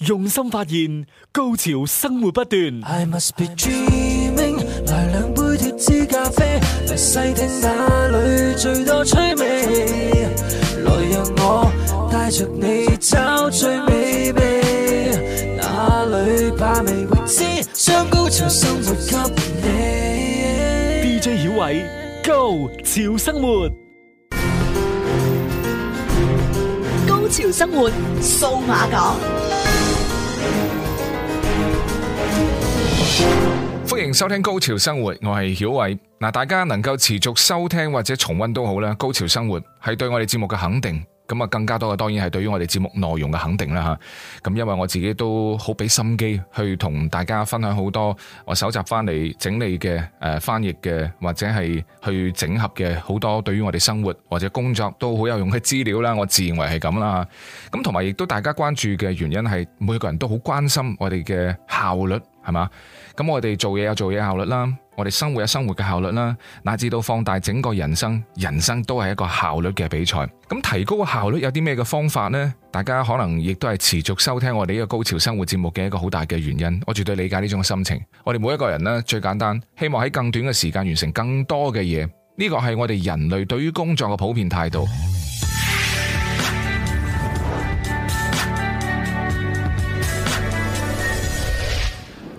用心發現，高潮生活不斷。I must be dreaming, 來兩杯脫脂咖啡，嚟細聽下裏最多趣味。來讓我帶着你找最美味，哪裏把味會知？將高潮生活給你。DJ 小偉，Go！潮生活，高潮生活，數碼港。歡迎收聽《Go 潮生活》，我係曉偉。嗱，大家能夠持續收聽或者重温都好啦，《Go 潮生活》係對我哋節目嘅肯定。咁啊，更加多嘅當然係對於我哋節目內容嘅肯定啦吓。咁因為我自己都好俾心機去同大家分享好多我搜集翻嚟整理嘅誒、呃、翻譯嘅或者係去整合嘅好多對於我哋生活或者工作都好有用嘅資料啦。我自認為係咁啦。咁同埋亦都大家關注嘅原因係每個人都好關心我哋嘅效率。係嘛？咁我哋做嘢有做嘢效率啦，我哋生活有生活嘅效率啦，乃至到放大整個人生，人生都係一個效率嘅比賽。咁提高效率有啲咩嘅方法呢？大家可能亦都係持續收聽我哋呢個 Go 潮生活節目嘅一個好大嘅原因。我絕對理解呢種心情。我哋每一個人呢，最簡單，希望喺更短嘅時間完成更多嘅嘢。呢個係我哋人類對於工作嘅普遍態度。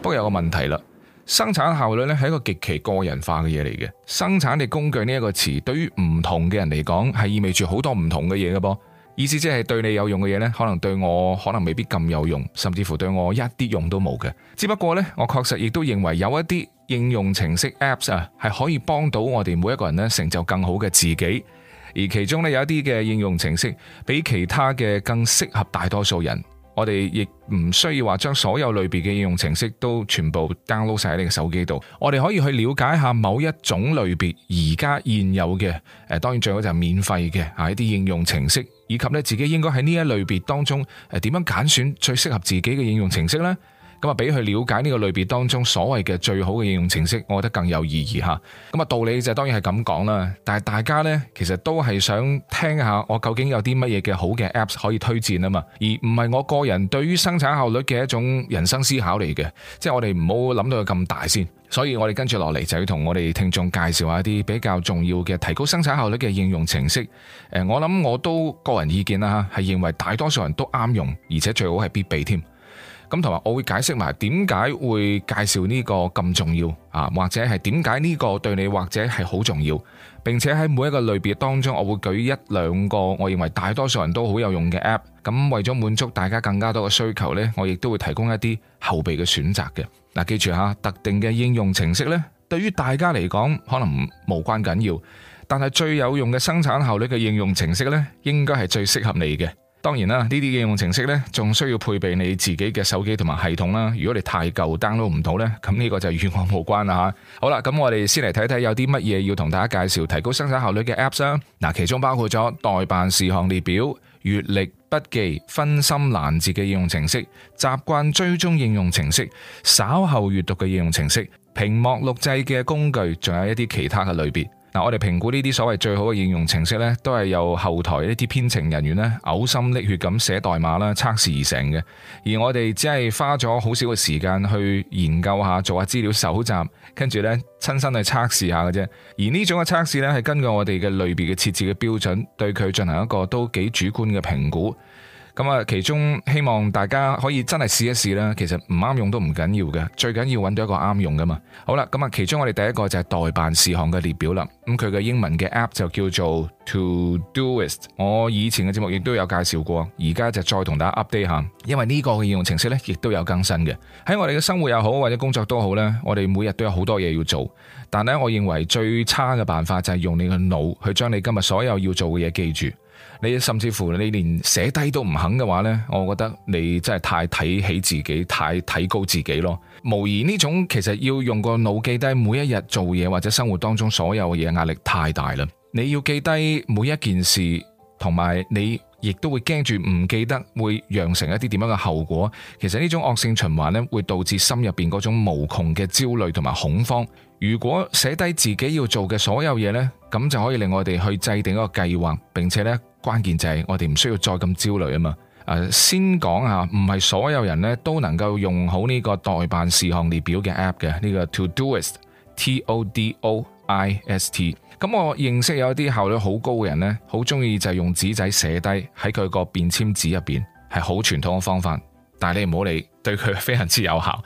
都有個問題啦，生產效率咧，係一個極其個人化嘅嘢嚟嘅。生產力工具呢一個詞，對於唔同嘅人嚟講，係意味住好多唔同嘅嘢嘅噃。意思即係對你有用嘅嘢呢，可能對我可能未必咁有用，甚至乎對我一啲用都冇嘅。只不過呢，我確實亦都認為有一啲應用程式 apps 啊，係可以幫到我哋每一個人呢，成就更好嘅自己。而其中呢，有一啲嘅應用程式，比其他嘅更適合大多數人。我哋亦唔需要話將所有類別嘅應用程式都全部 download 晒喺你嘅手機度，我哋可以去了解下某一種類別而家現有嘅，誒，當然最好就係免費嘅啊，一啲應用程式，以及呢自己應該喺呢一類別當中誒點樣揀選最適合自己嘅應用程式呢？咁啊，俾佢了解呢個類別當中所謂嘅最好嘅應用程式，我覺得更有意義吓。咁啊，道理就當然係咁講啦。但係大家呢，其實都係想聽下我究竟有啲乜嘢嘅好嘅 apps 可以推薦啊嘛。而唔係我個人對於生產效率嘅一種人生思考嚟嘅，即係我哋唔好諗到佢咁大先。所以，我哋跟住落嚟就要同我哋聽眾介紹下一啲比較重要嘅提高生產效率嘅應用程式。誒，我諗我都個人意見啦吓，係認為大多數人都啱用，而且最好係必備添。咁同埋，我會解釋埋點解會介紹呢個咁重要啊，或者係點解呢個對你或者係好重要，並且喺每一個類別當中，我會舉一兩個我認為大多數人都好有用嘅 App。咁為咗滿足大家更加多嘅需求呢，我亦都會提供一啲後備嘅選擇嘅。嗱，記住吓，特定嘅應用程式呢，對於大家嚟講可能無關緊要，但係最有用嘅生產效率嘅應用程式呢，應該係最適合你嘅。當然啦，呢啲應用程式呢，仲需要配備你自己嘅手機同埋系統啦。如果你太舊 download 唔到呢，咁呢個就與我無關啦吓。好啦，咁我哋先嚟睇睇有啲乜嘢要同大家介紹提高生產效率嘅 apps 啦。嗱，其中包括咗代辦事項列表、月曆筆記、分心攔截嘅應用程式、習慣追蹤應用程式、稍後閱讀嘅應用程式、屏幕錄製嘅工具，仲有一啲其他嘅類別。嗱，我哋評估呢啲所謂最好嘅應用程式呢，都係由後台一啲編程人員呢，嘔心瀝血咁寫代碼啦、測試而成嘅。而我哋只係花咗好少嘅時間去研究下、做下資料搜集，跟住呢親身去測試下嘅啫。而呢種嘅測試呢，係根據我哋嘅類別嘅設置嘅標準，對佢進行一個都幾主觀嘅評估。咁啊，其中希望大家可以真係試一試啦。其實唔啱用都唔緊要嘅，最緊要揾到一個啱用噶嘛。好啦，咁啊，其中我哋第一個就係待辦事項嘅列表啦。咁佢嘅英文嘅 app 就叫做 Todoist。我以前嘅節目亦都有介紹過，而家就再同大家 update 下，因為呢個應用程式呢亦都有更新嘅。喺我哋嘅生活又好，或者工作都好呢，我哋每日都有好多嘢要做。但呢，我認為最差嘅辦法就係用你嘅腦去將你今日所有要做嘅嘢記住。你甚至乎你連寫低都唔肯嘅話呢，我覺得你真係太睇起自己，太睇高自己咯。無疑呢種其實要用個腦記低每一日做嘢或者生活當中所有嘅嘢，壓力太大啦。你要記低每一件事，同埋你亦都會驚住唔記得，會釀成一啲點樣嘅後果。其實呢種惡性循環呢，會導致心入邊嗰種無窮嘅焦慮同埋恐慌。如果寫低自己要做嘅所有嘢呢，咁就可以令我哋去制定一個計劃，並且呢。關鍵就係我哋唔需要再咁焦慮啊嘛，誒，先講下，唔係所有人咧都能夠用好呢個代辦事項列表嘅 app 嘅呢個 Todoist，T O D O I S T。咁我認識有一啲效率好高嘅人咧，好中意就係用紙仔寫低喺佢個便簽紙入邊，係好傳統嘅方法。但係你唔好理，對佢非常之有效。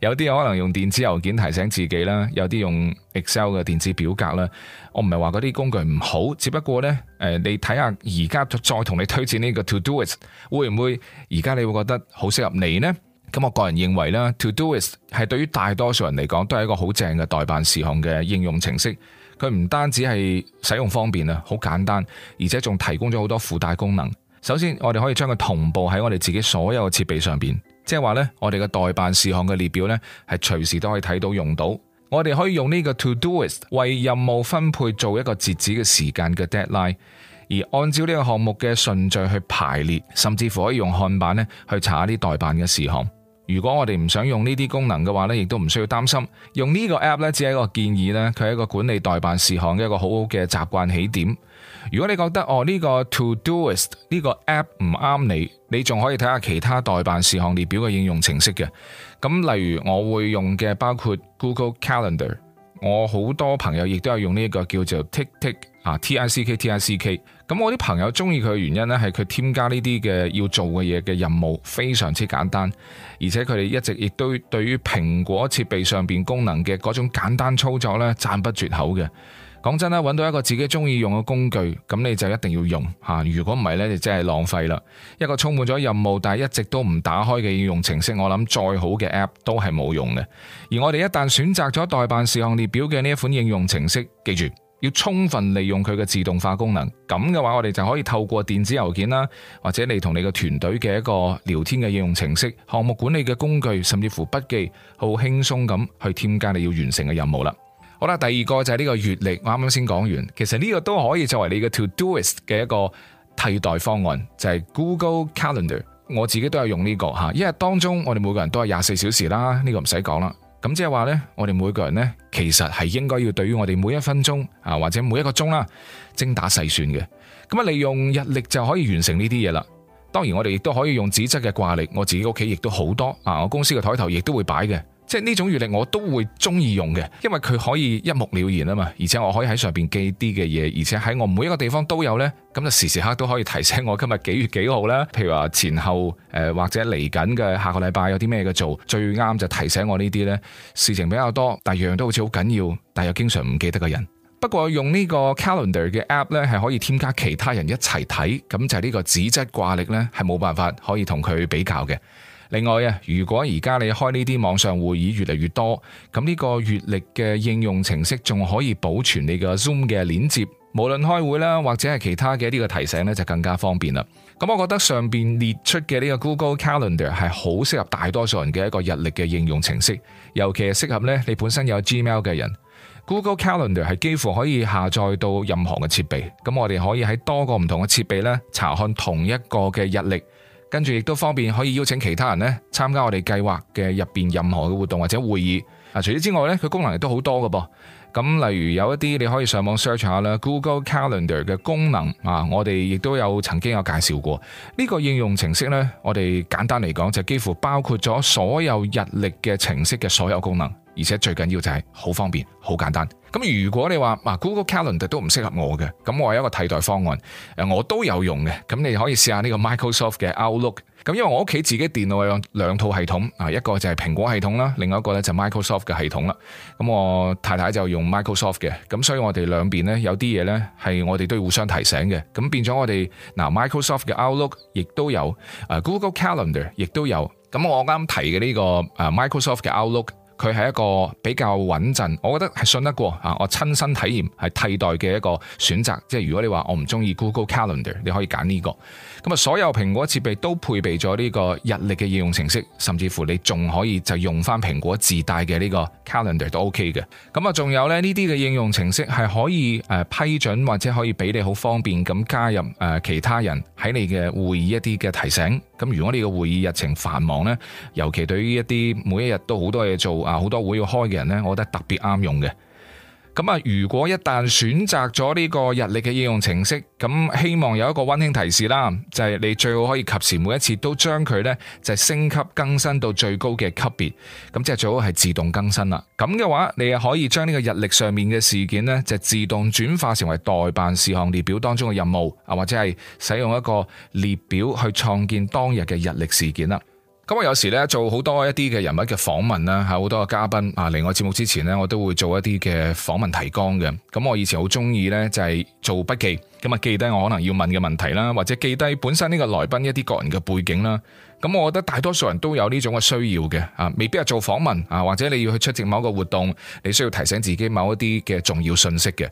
有啲可能用電子郵件提醒自己啦，有啲用 Excel 嘅電子表格啦。我唔係話嗰啲工具唔好，只不過呢，誒、呃，你睇下而家再同你推薦呢個 Todoist，會唔會而家你會覺得好適合你呢？咁我個人認為啦，Todoist 係對於大多數人嚟講都係一個好正嘅待辦事項嘅應用程式。佢唔單止係使用方便啊，好簡單，而且仲提供咗好多附帶功能。首先，我哋可以將佢同步喺我哋自己所有嘅設備上邊，即係話呢，我哋嘅代辦事項嘅列表呢，係隨時都可以睇到用到。我哋可以用呢個 Todoist 為任務分配做一個截止嘅時間嘅 Deadline，而按照呢個項目嘅順序去排列，甚至乎可以用看板去查啲代辦嘅事項。如果我哋唔想用呢啲功能嘅話呢，亦都唔需要擔心。用呢個 app 呢，只係一個建議呢，佢係一個管理代辦事項嘅一個好好嘅習慣起點。如果你覺得哦呢、呢個 Todoist 呢個 app 唔啱你，你仲可以睇下其他代辦事項列表嘅應用程式嘅。咁例如我會用嘅包括 Google Calendar，我好多朋友亦都係用呢、呢、一個叫做 Tick Tick 啊 T I C K T I C K。咁我啲朋友中意佢嘅原因呢，係佢添加呢啲嘅要做嘅嘢嘅任務非常之簡單，而且佢哋一直亦都對，對於蘋果設備上面功能嘅嗰種簡單操作呢，讚不絕口嘅。講真啦，揾到一個自己中意用嘅工具，咁你就一定要用吓，如果唔係呢，你真係浪費啦。一個充滿咗任務但係一直都唔打開嘅應用程式，我諗再好嘅 App 都係冇用嘅。而我哋一旦選擇咗待辦事項列表嘅呢一款應用程式，記住。要充分利用佢嘅自動化功能，咁嘅話我哋就可以透過電子郵件啦，或者你同你嘅團隊嘅一個聊天嘅應用程式、項目管理嘅工具，甚至乎筆記，好輕鬆咁去添加你要完成嘅任務啦。好啦，第二個就係呢個月曆，我啱啱先講完，其實呢個都可以作為你嘅 Todoist 嘅一個替代方案，就係、是、Google Calendar，我自己都有用呢、這個吓，因為當中我哋每個人都係廿四小時啦，呢、這個唔使講啦。咁即係話呢，我哋每個人呢，其實係應該要對於我哋每一分鐘啊，或者每一個鐘啦，精打細算嘅。咁啊，利用日曆就可以完成呢啲嘢啦。當然，我哋亦都可以用紙質嘅掛曆，我自己屋企亦都好多啊，我公司嘅台頭亦都會擺嘅。即係呢種月曆我都會中意用嘅，因為佢可以一目了然啊嘛，而且我可以喺上邊記啲嘅嘢，而且喺我每一個地方都有呢。咁就時時刻都可以提醒我今日幾月幾號啦。譬如話前後誒、呃、或者嚟緊嘅下個禮拜有啲咩嘅做，最啱就提醒我呢啲呢。事情比較多，但樣樣都好似好緊要，但又經常唔記得嘅人。不過用呢個 Calendar 嘅 App 呢，係可以添加其他人一齊睇，咁就呢個紙質掛曆呢，係冇辦法可以同佢比較嘅。另外啊，如果而家你開呢啲網上會議越嚟越多，咁呢個月曆嘅應用程式仲可以保存你個 Zoom 嘅鏈接，無論開會啦或者係其他嘅一啲嘅提醒呢，就更加方便啦。咁我覺得上邊列出嘅呢個 Google Calendar 係好適合大多數人嘅一個日曆嘅應用程式，尤其係適合呢你本身有 Gmail 嘅人。Google Calendar 係幾乎可以下載到任何嘅設備，咁我哋可以喺多個唔同嘅設備呢查看同一個嘅日曆。跟住亦都方便可以邀請其他人咧參加我哋計劃嘅入邊任何嘅活動或者會議。啊，除此之外咧，佢功能亦都好多嘅噃。咁例如有一啲你可以上網 search 下啦，Google Calendar 嘅功能啊，我哋亦都有曾經有介紹過呢個應用程式咧。我哋簡單嚟講就幾乎包括咗所有日曆嘅程式嘅所有功能。而且最緊要就係好方便，好簡單。咁如果你話，Google Calendar 都唔適合我嘅，咁我有一個替代方案，誒我都有用嘅。咁你可以試下呢個 Microsoft 嘅 Outlook。咁因為我屋企自己電腦有兩套系統啊，一個就係蘋果系統啦，另外一個咧就係 Microsoft 嘅系統啦。咁我太太就用 Microsoft 嘅，咁所以我哋兩邊呢，有啲嘢呢係我哋都要互相提醒嘅。咁變咗我哋嗱 Microsoft 嘅 Outlook 亦都有，誒 Google Calendar 亦都有。咁我啱提嘅呢、呢個 Microsoft 嘅 Outlook。佢係一個比較穩陣，我覺得係信得過。我親身體驗係替代嘅一個選擇，即係如果你話我唔中意 Google Calendar，你可以揀呢個。咁啊，所有蘋果設備都配備咗呢個日曆嘅應用程式，甚至乎你仲可以就用翻蘋果自帶嘅呢個 Calendar 都 OK 嘅。咁啊，仲有呢呢啲嘅應用程式係可以誒批准或者可以俾你好方便咁加入誒其他人喺你嘅會議一啲嘅提醒。咁如果你個會議日程繁忙呢，尤其對於一啲每一日都好多嘢做啊，好多會要開嘅人呢，我覺得特別啱用嘅。咁啊，如果一旦選擇咗呢個日曆嘅應用程式，咁希望有一個溫馨提示啦，就係你最好可以及時每一次都將佢呢，就升級更新到最高嘅級別。咁即係最好係自動更新啦。咁嘅話，你可以將呢個日曆上面嘅事件呢，就自動轉化成為代辦事項列表當中嘅任務，啊或者係使用一個列表去創建當日嘅日曆事件啦。咁我有時咧做好多一啲嘅人物嘅訪問啦，係好多嘅嘉賓啊嚟我節目之前咧，我都會做一啲嘅訪問提綱嘅。咁我以前好鍾意咧就係做筆記，咁啊記低我可能要問嘅問題啦，或者記低本身呢個來賓一啲個人嘅背景啦。咁，我覺得大多數人都有呢種嘅需要嘅啊，未必係做訪問啊，或者你要去出席某個活動，你需要提醒自己某一啲嘅重要信息嘅。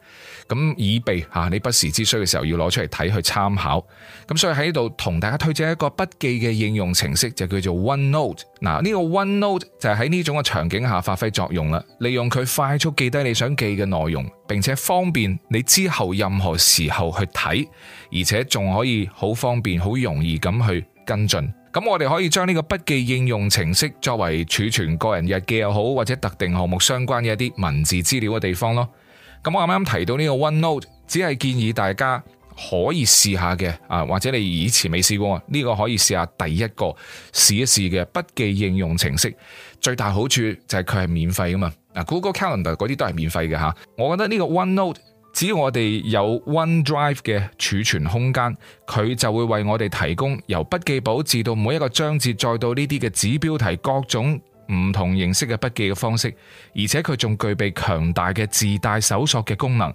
咁，以備吓你不時之需嘅時候要攞出嚟睇去參考。咁所以喺呢度同大家推薦一個筆記嘅應用程式，就叫做 OneNote 嗱。呢個 OneNote 就係喺呢種嘅場景下發揮作用啦。利用佢快速記低你想記嘅內容，並且方便你之後任何時候去睇，而且仲可以好方便好容易咁去跟進。咁我哋可以將呢個筆記應用程式作為儲存個人日記又好，或者特定項目相關嘅一啲文字資料嘅地方咯。咁我啱啱提到呢個 OneNote，只係建議大家可以試下嘅啊，或者你以前未試過，呢個可以試下第一個試一試嘅筆記應用程式。最大好處就係佢係免費噶嘛，嗱 Google Calendar 嗰啲都係免費嘅吓。我覺得呢個 OneNote。只要我哋有 OneDrive 嘅儲存空間，佢就會為我哋提供由筆記簿至到每一個章節，再到呢啲嘅子標題各種唔同形式嘅筆記嘅方式，而且佢仲具備強大嘅自帶搜索嘅功能，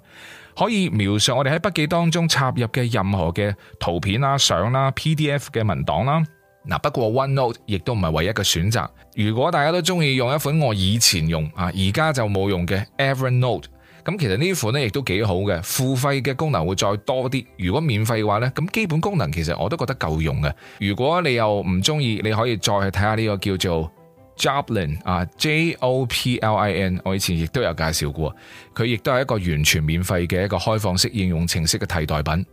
可以描述我哋喺筆記當中插入嘅任何嘅圖片啦、相啦、PDF 嘅文檔啦。嗱，不過 OneNote 亦都唔係唯一嘅選擇。如果大家都中意用一款我以前用啊，而家就冇用嘅 Evernote。咁其實呢款呢，亦都幾好嘅，付費嘅功能會再多啲。如果免費嘅話呢，咁基本功能其實我都覺得夠用嘅。如果你又唔中意，你可以再去睇下呢個叫做 Joplin 啊，J O P L I N。我以前亦都有介紹過，佢亦都係一個完全免費嘅一個開放式應用程式嘅替代品。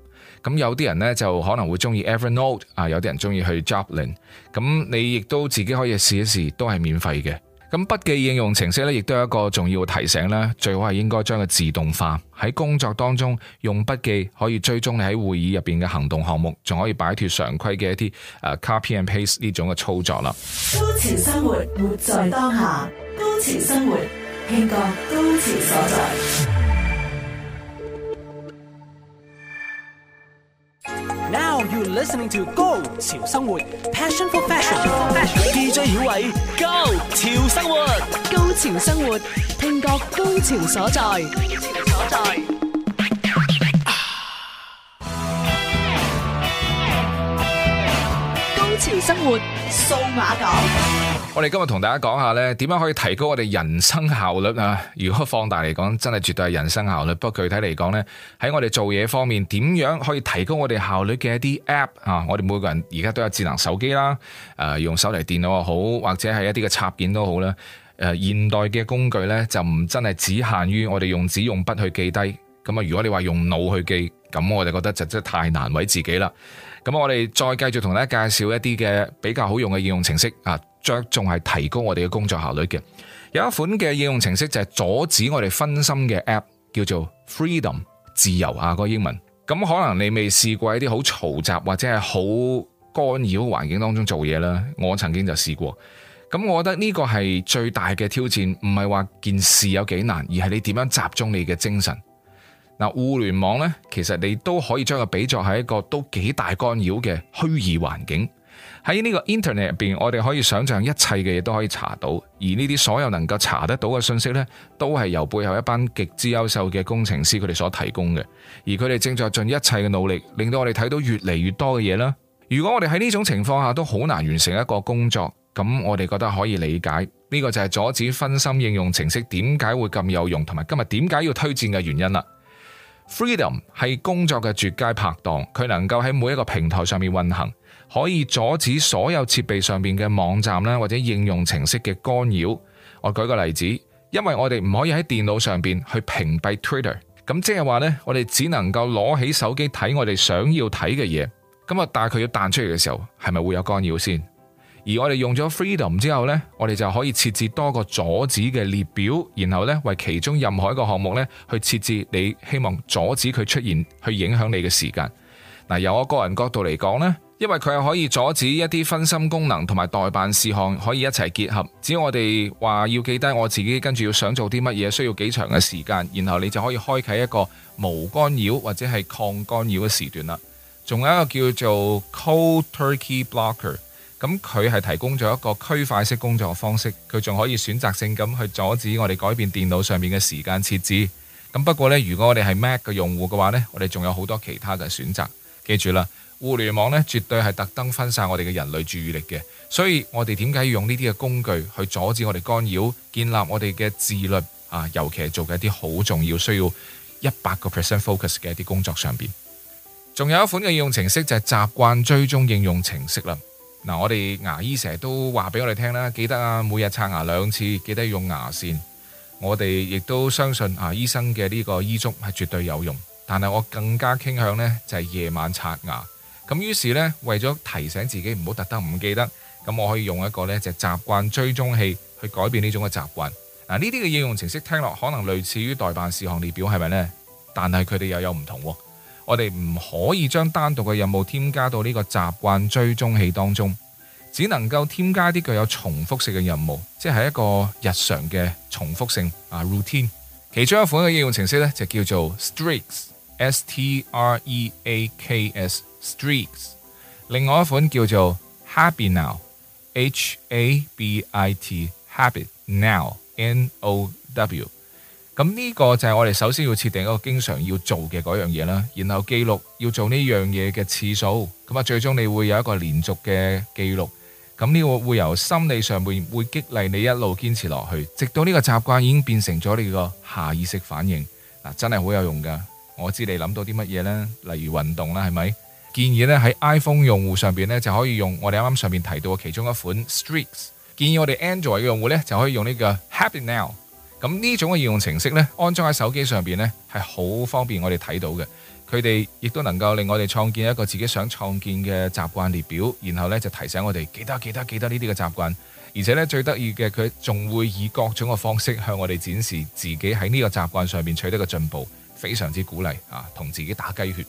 咁有啲人呢，就可能會中意 Evernote 啊，有啲人中意去 Joplin。咁你亦都自己可以試一試，都係免費嘅。咁筆記應用程式呢，亦都有一個重要提醒啦。最好係應該將佢自動化，喺工作當中，用筆記可以追蹤你喺會議入邊嘅行動項目，仲可以擺脫常規嘅一啲誒 copy and paste 呢種嘅操作啦。Go 潮生活，活在當下。Go 潮生活，聽歌，高潮所在。Now you're listening to Go 潮生活 Passion for fashion。Go 潮生活，聽覺高潮所在。高潮所在。Go 潮生活，數碼港。我哋今日同大家講下咧，點樣可以提高我哋人生效率啊？如果放大嚟講，真係絕對係人生效率。不過具體嚟講呢，喺我哋做嘢方面，點樣可以提高我哋效率嘅一啲 App 啊？我哋每個人而家都有智能手機啦，誒、啊，用手提電腦又好，或者係一啲嘅插件都好啦。誒、啊，現代嘅工具呢，就唔真係只限於我哋用紙用筆去記低。咁啊，如果你話用腦去記，咁我哋覺得就真係太難為自己啦。咁我哋再繼續同大家介紹一啲嘅比較好用嘅應用程式啊。着重係提高我哋嘅工作效率嘅，有一款嘅應用程式就係阻止我哋分心嘅 app，叫做 Freedom 自由啊、那個英文。咁可能你未試過喺啲好嘈雜或者係好干擾環境當中做嘢啦。我曾經就試過，咁我覺得呢個係最大嘅挑戰，唔係話件事有幾難，而係你點樣集中你嘅精神。嗱，互聯網呢，其實你都可以將佢比作係一個都幾大干擾嘅虛擬環境。喺呢個 Internet 入邊，我哋可以想象一切嘅嘢都可以查到，而呢啲所有能夠查得到嘅信息呢，都係由背後一班極之優秀嘅工程師佢哋所提供嘅，而佢哋正在盡一切嘅努力，令到我哋睇到越嚟越多嘅嘢啦。如果我哋喺呢種情況下都好難完成一個工作，咁我哋覺得可以理解，呢個就係阻止分心應用程式點解會咁有用，同埋今日點解要推薦嘅原因啦。Freedom 係工作嘅絕佳拍檔，佢能夠喺每一個平台上面運行。可以阻止所有設備上邊嘅網站啦，或者應用程式嘅干擾。我舉個例子，因為我哋唔可以喺電腦上邊去屏蔽 Twitter，咁即係話呢，我哋只能夠攞起手機睇我哋想要睇嘅嘢。咁啊，但係佢要彈出嚟嘅時候，係咪會有干擾先？而我哋用咗 Freedom 之後呢，我哋就可以設置多個阻止嘅列表，然後呢，為其中任何一個項目呢，去設置你希望阻止佢出現，去影響你嘅時間。嗱，由我個人角度嚟講呢。因為佢係可以阻止一啲分心功能同埋待辦事項可以一齊結合，只要我哋話要記低我自己跟住要想做啲乜嘢需要幾長嘅時間，然後你就可以開啟一個無干擾或者係抗干擾嘅時段啦。仲有一個叫做 Cold Turkey Blocker，咁佢係提供咗一個區塊式工作方式，佢仲可以選擇性咁去阻止我哋改變電腦上面嘅時間設置。咁不過呢，如果我哋係 Mac 嘅用戶嘅話呢，我哋仲有好多其他嘅選擇。記住啦。互聯網咧絕對係特登分散我哋嘅人類注意力嘅，所以我哋點解要用呢啲嘅工具去阻止我哋干擾，建立我哋嘅自律啊，尤其係做嘅一啲好重要、需要一百個 percent focus 嘅一啲工作上邊。仲有一款嘅應用程式就係習慣追蹤應用程式啦。嗱，我哋牙醫成日都話俾我哋聽啦，記得啊，每日刷牙兩次，記得用牙線。我哋亦都相信啊，醫生嘅呢個醫囑係絕對有用，但係我更加傾向呢就係夜晚刷牙。咁於是咧，為咗提醒自己唔好特登唔記得，咁我可以用一個咧就習慣追蹤器去改變呢種嘅習慣。嗱，呢啲嘅應用程式聽落可能類似於待辦事項列表係咪呢？但係佢哋又有唔同。我哋唔可以將單獨嘅任務添加到呢個習慣追蹤器當中，只能夠添加啲具有重複性嘅任務，即係一個日常嘅重複性啊 routine。其中一款嘅應用程式咧就叫做 Streaks，S-T-R-E-A-K-S。Streaks，另外一款叫做 Habit Now，H A B I T Habit Now N O W。咁呢個就係我哋首先要設定一個經常要做嘅嗰樣嘢啦，然後記錄要做呢樣嘢嘅次數，咁啊最終你會有一個連續嘅記錄。咁呢個會由心理上面會激勵你一路堅持落去，直到呢個習慣已經變成咗你個下意識反應嗱，真係好有用噶。我知你諗到啲乜嘢咧，例如運動啦，係咪？建議咧喺 iPhone 用戶上邊咧就可以用我哋啱啱上面提到嘅其中一款 Streaks。建議我哋 Android 嘅用戶咧就可以用呢個 Habit Now。咁呢種嘅應用程式咧，安裝喺手機上面咧係好方便我哋睇到嘅。佢哋亦都能夠令我哋創建一個自己想創建嘅習慣列表，然後咧就提醒我哋記得記得記得呢啲嘅習慣。而且咧最得意嘅，佢仲會以各種嘅方式向我哋展示自己喺呢個習慣上面取得嘅進步，非常之鼓勵啊，同自己打雞血。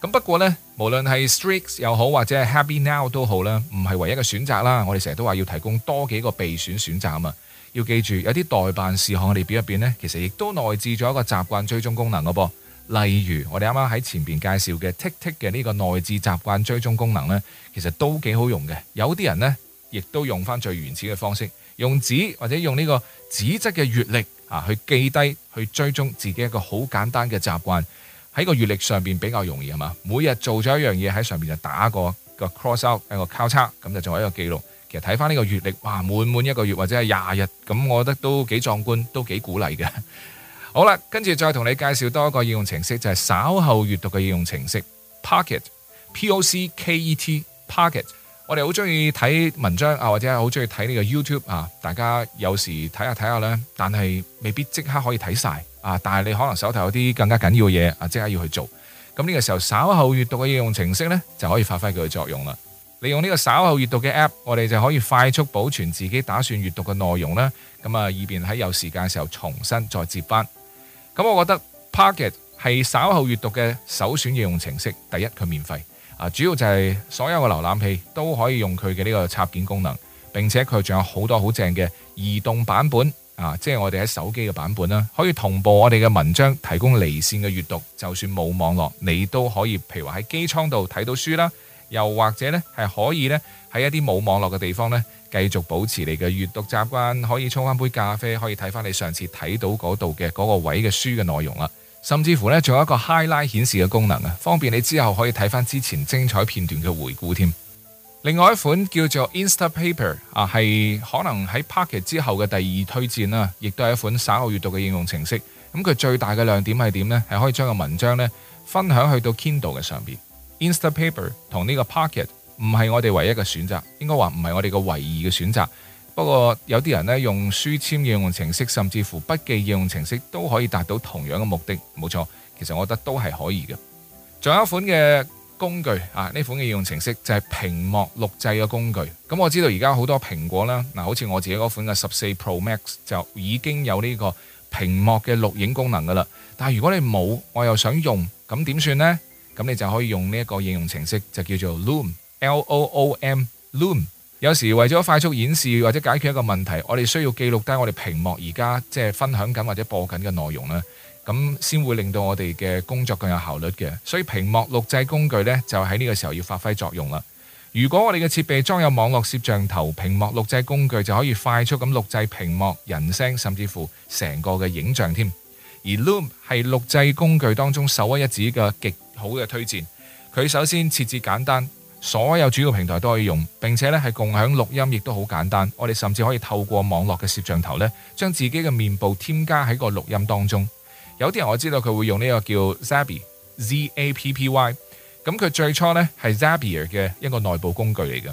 咁不過呢無論係 Strict 又好，或者係 Happy Now 都好啦，唔係唯一嘅選擇啦。我哋成日都話要提供多幾個備選選擇啊嘛。要記住，有啲代辦事項嘅列表入面呢其實亦都內置咗一個習慣追蹤功能噶噃。例如我哋啱啱喺前面介紹嘅 Tick Tick 嘅呢個內置習慣追蹤功能呢其實都幾好用嘅。有啲人呢，亦都用翻最原始嘅方式，用紙或者用呢個紙質嘅月曆啊，去記低去追蹤自己一個好簡單嘅習慣。喺個月曆上邊比較容易係嘛，每日做咗一樣嘢喺上面就打個個 cross out 一個交叉，咁就作為一個記錄。其實睇翻呢個月曆，哇，滿滿一個月或者係廿日，咁我覺得都幾壯觀，都幾鼓勵嘅。好啦，跟住再同你介紹多一個應用程式，就係、是、稍後閱讀嘅應用程式 Pocket，p o c k e t，Pocket。我哋好中意睇文章啊，或者係好中意睇呢個 YouTube 啊，大家有時睇下睇下呢，但係未必即刻可以睇晒啊。但係你可能手頭有啲更加緊要嘅嘢啊，即刻要去做。咁呢個時候稍後閱讀嘅應用程式呢，就可以發揮佢嘅作用啦。利用呢個稍後閱讀嘅 App，我哋就可以快速保存自己打算閱讀嘅內容啦。咁啊，以便喺有時間嘅時候重新再接班。咁我覺得 Pocket 係稍後閱讀嘅首選應用程式。第一，佢免費。啊，主要就係所有嘅瀏覽器都可以用佢嘅呢個插件功能，並且佢仲有好多好正嘅移動版本啊！即係我哋喺手機嘅版本啦，可以同步我哋嘅文章，提供離線嘅閱讀，就算冇網絡，你都可以，譬如話喺機艙度睇到書啦，又或者呢係可以呢喺一啲冇網絡嘅地方呢，繼續保持你嘅閱讀習慣，可以沖返杯咖啡，可以睇翻你上次睇到嗰度嘅嗰個位嘅書嘅內容啦。甚至乎咧，仲有一個 highlight 顯示嘅功能啊，方便你之後可以睇翻之前精彩片段嘅回顧添。另外一款叫做 Instapaper 啊，係可能喺 Pocket 之後嘅第二推薦啦，亦都係一款稍後閱讀嘅應用程式。咁佢最大嘅亮點係點呢？係可以將個文章呢分享去到 Kindle 嘅上邊。Instapaper 同呢個 Pocket 唔係我哋唯一嘅選擇，應該話唔係我哋嘅唯二嘅選擇。不過有啲人咧用書籤嘅應用程式，甚至乎筆記應用程式都可以達到同樣嘅目的，冇錯。其實我覺得都係可以嘅。仲有一款嘅工具啊，呢款嘅應用程式就係屏幕錄製嘅工具。咁我知道而家好多蘋果啦，嗱，好似我自己嗰款嘅十四 Pro Max 就已經有呢個屏幕嘅錄影功能噶啦。但係如果你冇，我又想用，咁點算呢？咁你就可以用呢一個應用程式，就叫做 Loom，L-O-O-M，Loom。有時為咗快速演示或者解決一個問題，我哋需要記錄低我哋屏幕而家即係分享緊或者播緊嘅內容啦，咁先會令到我哋嘅工作更有效率嘅。所以屏幕錄製工具呢，就喺呢個時候要發揮作用啦。如果我哋嘅設備裝有網絡攝像頭，屏幕錄製工具就可以快速咁錄製屏幕、人聲甚至乎成個嘅影像添。而 Loom 係錄製工具當中首屈一指嘅極好嘅推薦。佢首先設置簡單。所有主要平台都可以用，並且咧係共享錄音，亦都好簡單。我哋甚至可以透過網絡嘅攝像頭咧，將自己嘅面部添加喺個錄音當中。有啲人我知道佢會用呢個叫 Zappy，Z A P P Y。咁佢最初咧係 Zapier 嘅一個內部工具嚟嘅。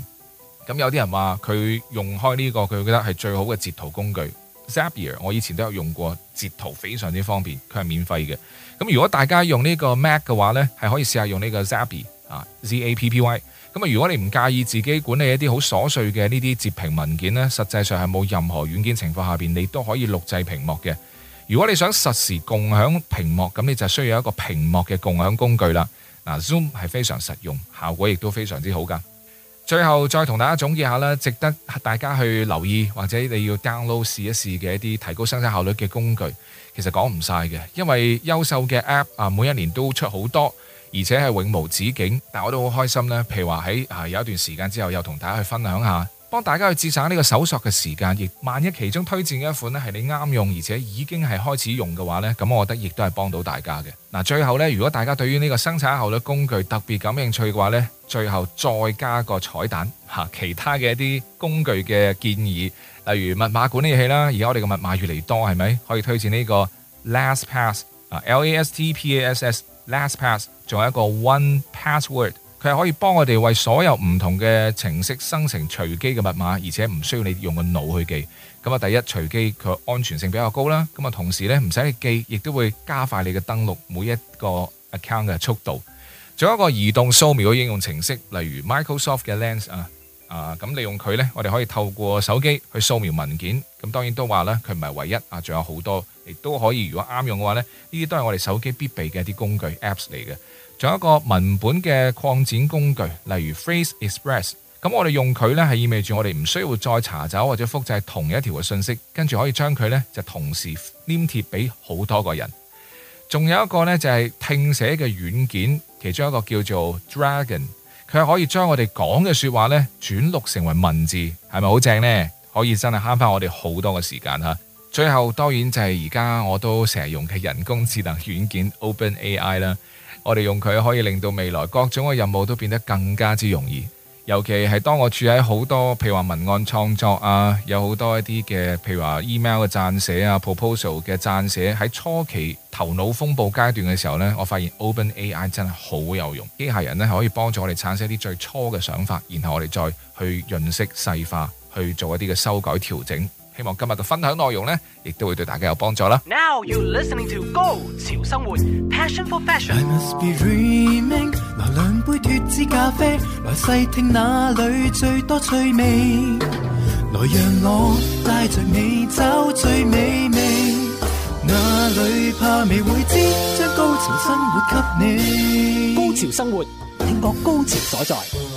咁有啲人話佢用開呢個，佢覺得係最好嘅截圖工具。Zappy，我以前都有用過，截圖非常之方便，佢係免費嘅。咁如果大家用呢個 Mac 嘅話咧，係可以試下用呢個 Zappy 啊，Z A P P Y。咁啊！如果你唔介意自己管理一啲好瑣碎嘅呢啲截屏文件咧，實際上係冇任何軟件情況下邊，你都可以錄製屏幕嘅。如果你想實時共享屏幕，咁你就需要一個屏幕嘅共享工具啦。嗱，Zoom 係非常實用，效果亦都非常之好噶。最後再同大家總結下啦，值得大家去留意或者你要 download 試一試嘅一啲提高生產效率嘅工具，其實講唔曬嘅，因為優秀嘅 app 啊，每一年都出好多。而且係永無止境，但我都好開心呢，譬如話喺啊有一段時間之後又和大家分享一下，又同大家去分享下，幫大家去節省呢個搜索嘅時間。亦萬一其中推薦一款呢係你啱用，而且已經係開始用嘅話呢，咁我覺得亦都係幫到大家嘅。嗱，最後呢，如果大家對於呢個生產效率工具特別感興趣嘅話呢，最後再加個彩蛋，其他嘅一啲工具嘅建議，例如密碼管理器啦，而家我哋嘅密碼越嚟越多係咪？可以推薦呢個 LastPass, Last Pass 啊，L A S T P A S S。LastPass 仲有一個 One Password，佢係可以幫我哋為所有唔同嘅程式生成隨機嘅密碼，而且唔需要你用個腦去記。咁啊，第一隨機佢安全性比較高啦。咁啊，同時咧唔使去記，亦都會加快你嘅登錄每一個 account 嘅速度。仲有一個移動掃描的應用程式，例如 Microsoft 嘅 Lens 啊。啊，咁利用佢呢，我哋可以透過手機去掃描文件。咁當然都話呢，佢唔係唯一啊，仲有好多亦都可以。如果啱用嘅話呢，呢啲都係我哋手機必備嘅一啲工具 apps 嚟嘅。仲有一個文本嘅擴展工具，例如 Phrase Express。咁我哋用佢呢，係意味住我哋唔需要再查找或者複製同一條嘅信息，跟住可以將佢呢就同時黏貼俾好多個人。仲有一個呢，就係聽寫嘅軟件，其中一個叫做 Dragon。佢可以將我哋講嘅說話咧，轉錄成為文字，係咪好正呢？可以真係慳翻我哋好多嘅時間吓。最後當然就係而家我都成日用嘅人工智能軟件 Open AI 啦。我哋用佢可以令到未來各種嘅任務都變得更加之容易。尤其係當我處喺好多，譬如話文案創作啊，有好多一啲嘅，譬如話 email 嘅撰寫啊，proposal 嘅撰寫，喺初期頭腦風暴階段嘅時候呢，我發現 OpenAI 真係好有用，機械人呢可以幫助我哋產生一啲最初嘅想法，然後我哋再去潤色細化，去做一啲嘅修改調整。希望今日嘅分享內容呢，亦都會對大家有幫助啦。Now you listening to Go 潮生活，passion for fashion。I must be dreaming。拿兩杯脫脂咖啡，來細聽哪裏最多趣味。來讓我帶着你找最美味，哪裏怕未會知，將 Go 潮生活給你。Go 潮生活，聽過高潮所在。